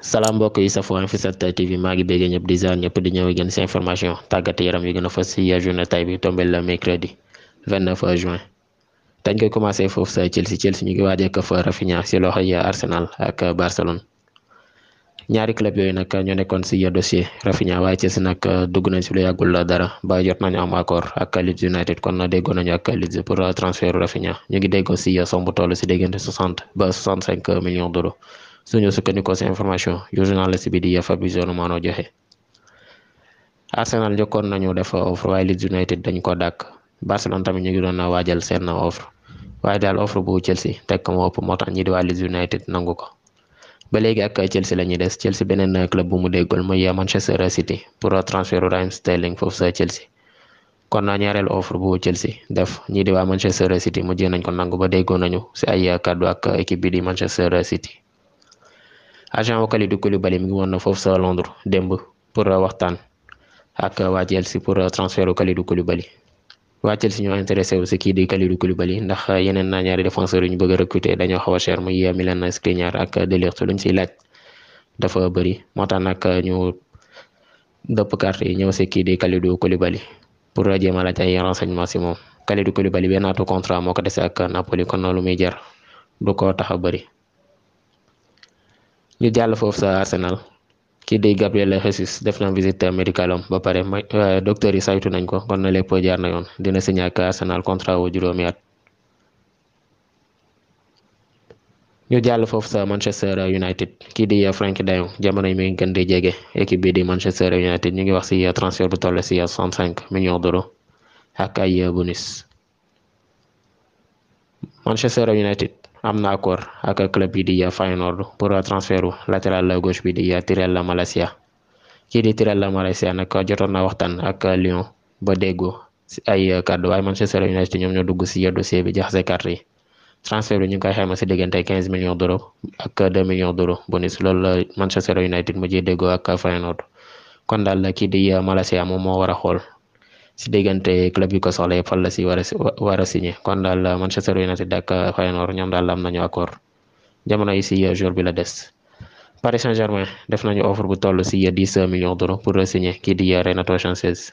salaam mbokk yi safo Info7 TV maa ngi béggee ñëpp di ziar ñëpp di ñëw gën si information tàggat yaram yu gën a fas si journée tay bi tombé le mercredi 29 juin dañ koy commencé foof sa Chelsea Chelsea ñu ngi waaj a fa Raphinha si loxo yi Arsenal ak Barcelone ñaari club yooyu nag ñoo nekkoon si dossier Raphinha waaye Chelsea nag dugg nañ si lu yàggul dara ba jot nañu am accord ak Leeds United kon déggoo nañu ak Leeds pour transfert Raphinha ñu ngi déggoo si somb toll si diggante 60 ba 65 millions suñu sukkandikoo si information yu journaliste bi di Yafa Bisono maanoo joxe Arsenal jokkoon nañu def offre waaye Leeds United dañ ko dàkk Barcelone tamit ñu ngi na waajal seen offre waaye daal offre bu Chelsea teg ko moo ëpp moo tax ñi di waa Leeds United nangu ko. ba léegi ak Chelsea la ñuy des Chelsea beneen club bu mu déggool mooy Manchester City pour transfert Raheem Sterling foofu sa Chelsea kon ñaareelu offre bu Chelsea def ñii di waa Manchester City mujjee nañ ko nangu ba déggoo nañu si ay kàddu ak équipe bi di Manchester City. agent Kalidou Koulibaly mi ngi woon na foofu sa Londres démb pour euh, waxtaan ak euh, waa si pour euh, transfert Kalidou Koulibaly waa Chelsea ñoo intéressé aussi kii di Kalidou Koulibaly ndax yeneen naa ñaari défenseurs yu ñu bëgg a recruter dañoo xaw a cher muy Milan Skriniar ak De Ligt luñ siy laaj dafa bëri moo tax nag ñu dëpp carte yi ñëw si kii di Kalidou Koulibaly pour jéem a laaj ay renseignement si moom Kalidou Koulibaly benn naatu contrat moo ko dese ak Napoli kon lu muy jar du ko tax a bari ñu jàll foofu sa Arsenal kii di Gabriel Jesus def na visite médicale ba pare euh, docteur yi saytu nañ ko kon na lépp jaar na yoon dina signé ak Arsenal contrat wu juróomi at. ñu jàll foofu sa Manchester United kii di euh, Frank de Jong jamono mi ngi gën di jege équipe di Manchester United ñu ngi wax ci euh, transfert bu toll ci 65 millions d'euros ak ay bonus Manchester United. am na accord ak club yi di ya Feyenoord pour transfert latéral gauche bi di ya Tirel Malaysia kii di Tirel Malaysia nag jotoon na waxtaan ak Lyon ba déggoo ay kàddu waaye Manchester United ñoom ñoo dugg si ci dossier bi jaxase carte yi transfert bi ñu ngi koy xayma ci diggante 15 millions d'euros ak 2 millions d'euros bonus loolu la Manchester United mujjee déggoo ak Feyenoord kon daal la kii di Malaysia moom moo war xool. si diggante club yu ko soxla yëpp fan la si war a war kon daal uh, Manchester United ak uh, Feyenoord ñoom daal am nañu accord jamono yi si uh, jour bi la des. Paris Saint-Germain def nañu offre bu toll si dix millions d'euros pour signer kii di Renato Sanchez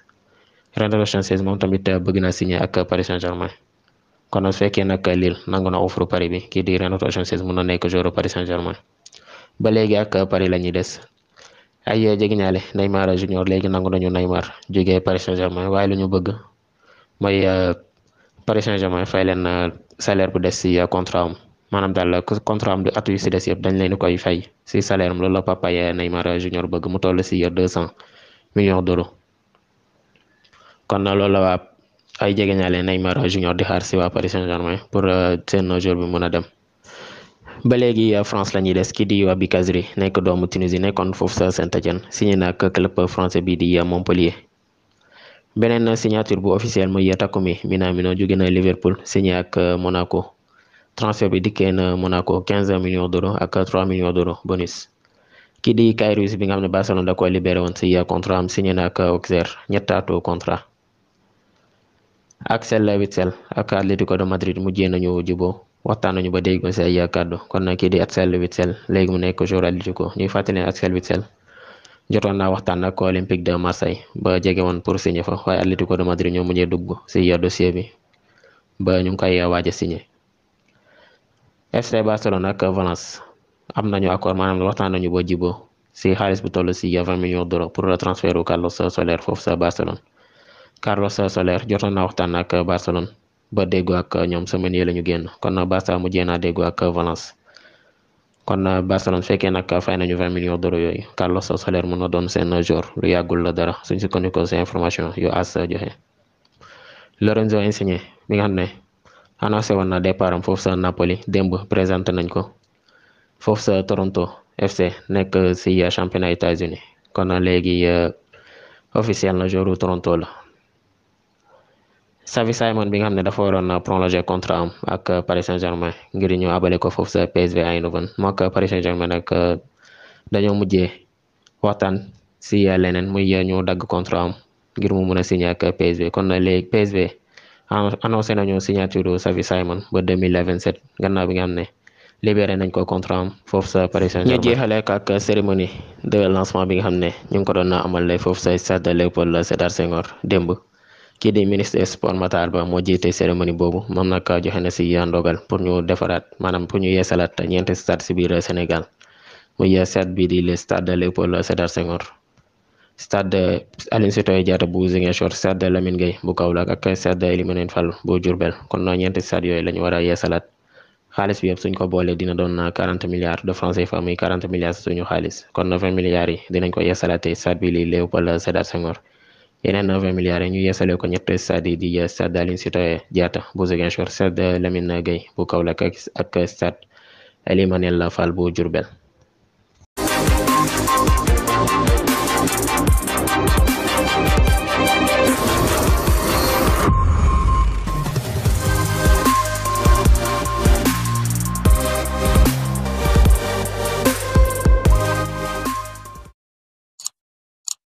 Renato Sanchez moom tamit bëgg naa signer ak Paris Saint-Germain. kon su fekkee nag Lille nangu na offre Paris bi kii di Renato Sanchez mun na nekk joueur Paris Saint-Germain ba léegi ak la ñuy ay eh, jegeñaale Neymar junior léegi nangu nañu Neymar jógee Paris Saint-Germain waaye lu bëgg mooy eh, Paris Saint-Germain fay leen eh, salaire bu des si contrat am maanaam daal contrat am du at yu si des yëpp dañ leen koy fay si salaire loolu la papa yi Neymar junior bëgg mu toll si deux cent millions d'euros kon loolu la waa ay jegeñaale Neymar junior di xaar si waa Paris Saint-Germain pour seen joueur bi mën a dem. ba léegi euh, France la ñuy des kii di Wabi Kazri nekk doomu Tunisie nekkoon foofu sa Saint-Étienne signé na ak club français bi di euh, Montpellier. beneen signature bu officiel muy Takumi Minamino jóge na Liverpool signé ak euh, Monaco transfert bi dikkee na Monaco million millions d'euros ak 3 millions d'euros bonus. kii di Karius bi nga xam ne Barcelone da ko woon si contrat am signé na ak Auxerre ñettaatu contrat. Axel Witsel ak Atlético de Madrid mujjee nañu juboo waxtaan waxtaanuñu ba déggoon si ay kàddu kon na kii di Axel Witsel léegi mu nekk joueur Atlético ñuy fàttali ne Axel Witsel jotoon na waxtaan ak Olympique de Marseille ba jege woon pour signer fa waaye Atlético de Madrid ñoo mujjee dugg si dossier bi ba ñu ngi koy waaj a signer FC Barcelone ak Valence am nañu accord maanaam waxtaan nañu ba jiboo si xaalis bu toll si 20 millions d'euros pour le transfert u Carlos Soler foofu sa Barcelone Carlos Soler jotoon na waxtaan na ak Barcelone ba déggoo ak ñoom semaine yii la ñu génn kon nag Barça mujjee naa déggoo ak Valence kon Barcelone fekkee nag fay nañu vingt millions d'euros yooyu Carlos Soler mën na doon seen jour lu yàggul la dara suñ sukkandikoo si information yu AS joxe. Lorenzo Insigne mi nga xam ne annoncé woon na départ am foofu sa Napoli démb présenté nañ ko foofu sa Toronto FC nekk si championnat États-Unis kon léegi euh, officiel na jouru Toronto la. Xavi Simons bi nga xam ne dafa waroon prolonger contrat am ak Paris Saint-Germain ngir ñu abale ko foofu sa PSV Eindhoven moo ak euh, dañoo mujjee waxtaan si leneen muy ñu dagg contrat am ngir mu mën a signé ak PSV kon léegi PSV annoncé nañu signature Xavi Simons ba 2027 gannaaw bi nga xam ne libéré nañ ko contrat am sa Paris Saint-Germain ñu jeexale ak cérémonie de lancement bi nga xam ne ñu ngi ko doon amal foofu sa stade Léopold Sédar Senghor démb kii di ministre des sports Matar Ba moo jiite cérémonie boobu moom nag joxe na si ndogal pour ñu defaraat maanaam pour ñu yeesalaat ñeenti stade si biir Sénégal muy stade bii di le stade Léopold Sédar Senghor stade a Sitoé Diatta bu Ziguinchor stade Lamine Gueye bu Kaolack ak stade Elimane Fall bu Diourbel kon ñeenti stade yooyu la ñu war a yeesalaat xaalis bi yëpp suñ ko boolee dina doon 40 milliards de francs CFA muy 40 milliards suñu xaalis kon 20 milliards yi dinañ ko yeesalaatee stade bii di Léopold Sédar yeneen 20 milliards ñu yeesale ko ñett stade di stade Aline Sitoé Diatta bu Ziguinchor stade Lamine Gueye bu Kaolack ak stade Elimanel Fall bu Diourbel